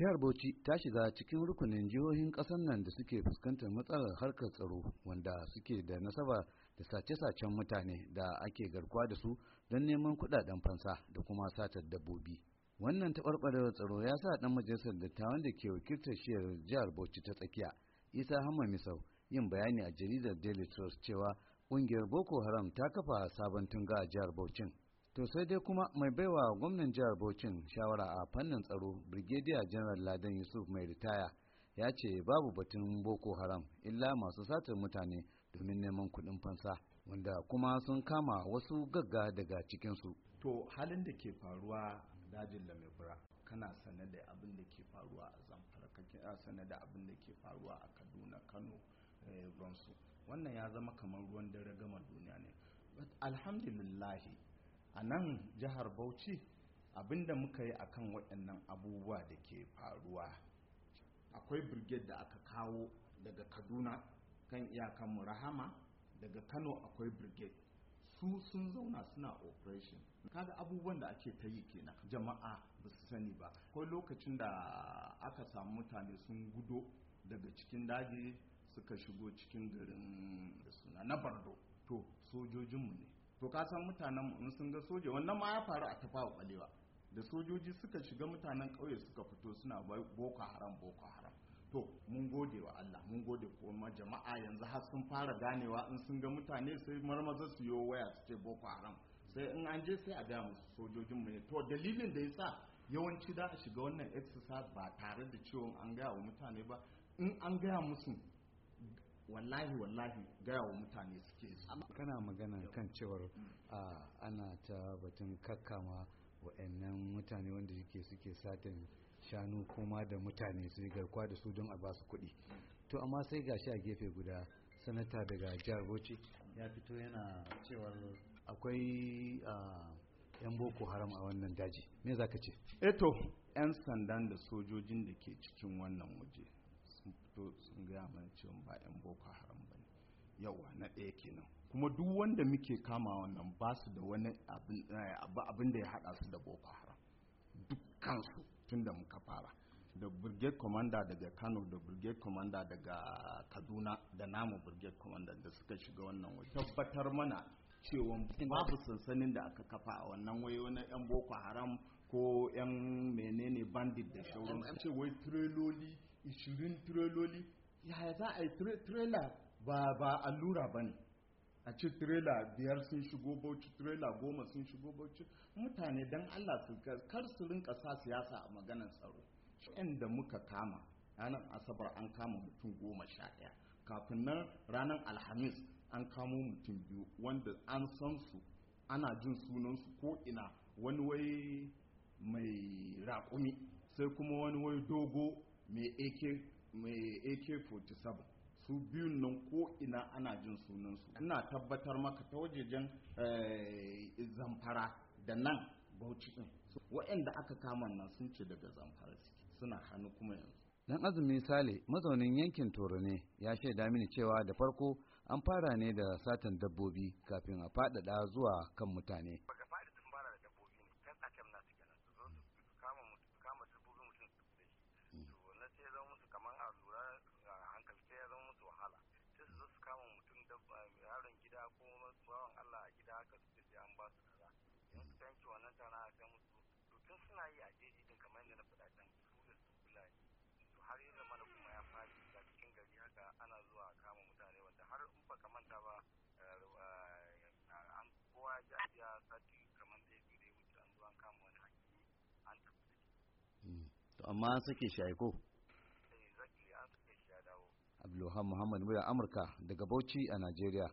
Jihar Bauchi ta shiga cikin rukunin jihohin ƙasar nan da suke fuskantar matsalar harkar tsaro wanda suke da nasaba da sace-sacen mutane da ake garkuwa da su don neman kudaden fansa da kuma satar dabbobi. Wannan taɓarɓarewar tsaro ya sa ɗan majalisar dattawan da ke wakiltar shiyar jihar Bauchi ta tsakiya Isa Hamma Misau yin bayani a jaridar Daily Trust cewa ƙungiyar Boko Haram ta kafa sabon tunga a jihar Bauchin. to sai dai kuma mai baiwa gwamnan jihar Bauchin shawara a fannin tsaro brigadier general Ladan Yusuf mai ritaya ya ce babu batun Boko Haram illa masu satar mutane domin neman kuɗin fansa wanda kuma sun kama wasu gagga daga cikinsu. To halin da ke faruwa dajin Lamebura kana sane da abin da ke faruwa a Zamfara kana sane da abin da ke faruwa a Kaduna Kano Bronson eh, wannan ya zama kamar ruwan dare gama duniya ne alhamdulillahi a nan jihar bauchi abinda muka yi akan waɗannan abubuwa da ke faruwa akwai birgit da aka kawo daga kaduna kan iyakanmu rahama daga kano akwai birgit su sun zauna suna operation kaga abubuwan da ake ta yi kenan jama'a ba su sani ba ko lokacin da aka samu mutane sun gudo daga cikin daji suka shigo cikin garin da suna na bardo to sojojinmu ne to ka san mutanen mu sun ga soja wannan ma ya faru a tafawa balewa da sojoji suka shiga mutanen kauye suka fito suna boko haram boko haram to mun gode wa Allah mun gode kuma jama'a yanzu har sun fara ganewa in sun ga mutane sai marmaza su yo waya su ce boko haram sai in an je sai a ga musu sojojin mu to dalilin da yasa yawanci da a shiga wannan exercise ba tare da ciwon an gaya wa mutane ba in an gaya musu wallahi wallahi gaya wa mutane suke kana magana kan cewar ana ta batun kakkama wa'annan mutane wanda yake suke satin shanu kuma da mutane su garkuwa da su don a basu kuɗi to amma sai gashi a gefe guda sanata daga jihar bauchi ya fito yana cewar akwai yan boko haram a wannan daji me za ka ce eto eh yan sandan da sojojin da ke cikin wannan waje sun fito sun gaya mana cewa ba 'yan boko haram ba ne yawa na ɗaya kenan kuma duk wanda muke kama wannan ba su da wani eh, abin da ya haɗa su da boko haram dukkansu tun da muka fara da brigade commander daga kano da brigade commander daga kaduna da namu brigade commander da suka shiga wannan waje tabbatar mana cewa babu sansanin da aka kafa a wannan waye na yan boko haram ko yan menene bandit da shauransu ce wai treloli ishirin yaya za a yi tirela ba ba allura ba ne a ce tirela biyar sun shigo bauchi tirela goma sun shigo bauchi mutane don allah su kar su rinka sa siyasa a maganar tsaro da muka kama ranar asabar an kama mutum goma sha ɗaya kafin nan ranar alhamis an kamo mutum biyu wanda an san su ana jin sunansu ko ina wani wai mai raƙumi sai kuma wani wai dogo mai ak-47 su biyu nan ko ina ana jin sunansu ina tabbatar maka ta wajejen eh, zamfara da nan bauchi din waɗanda aka kama nan sun ce daga zamfara suna hannu kuma yanzu dan azumi sale mazaunin yankin toro ne ya shaida mini cewa da farko an fara ne da satan dabbobi kafin a faɗaɗa zuwa kan mutane sai ya zama musu kamar a lura a hankali sai ya zama musu wahala sai su zo su kama mutum da eh, yaron gida ko bawan Allah a gida haka su ce an ba su kaza in su yanke wannan tana a kai musu to tun suna yi a jeji din kamar yadda na faɗa can su da su kula ne to har yi zamana kuma ya fadi da cikin gari haka ana zuwa a kama mutane wanda har in ba manta ba eh, eh, an kowa ya ji a sati kamar da ya wuce an zuwa an kama wani hakimi an tafi hmm. to amma an sake shi aiko Abdulluhan Muhammad muryar Amurka daga Bauchi a Najeriya.